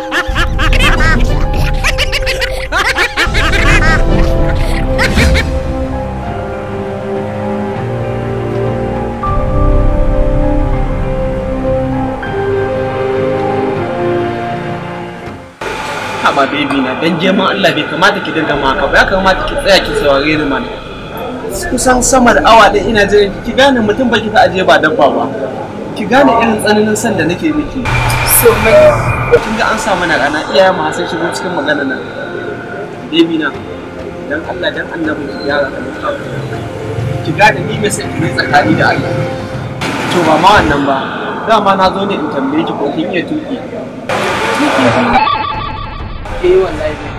ba na dan Allah bai kamata ki dinga maka ba ya kamata ki tsaya ki saurare ni mana kusan sama da awa ɗaya ina jiran ki gane mutum ba kika ajiye aje ba dabba ba ki gane irin tsananin san da nake miki so mai kin ga an sa mana rana iyaye mu hasan shigo cikin magana nan baby na dan Allah dan annabi ki gyara ki gane ni mai sai mai tsakani da Allah to ba ma wannan ba dama na zo ne in tambaye ki ko kin iya tuki tuki ke eh, wallahi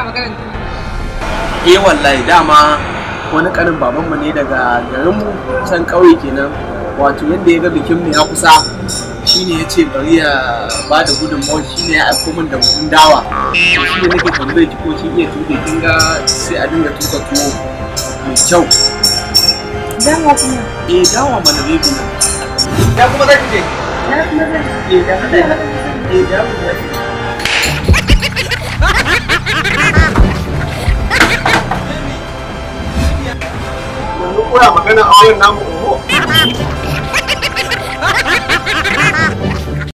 kana maganar eh wallahi dama wani kanin babanmu ne daga garin mu kusan ƙauye kenan wato yadda ya ga bikin mu ya kusa shine ya ce bari ya ba da gudunmawar shine ya aiko min da buhun dawa to shi ne nake tambaye ki ko shi iya tuke kin ga sai a dinga tuka tuwo mai kyau dawa kuma eh dawa mana bai ya kuma zaki je ya kuma zaki eh da eh kuna magana a wayan namu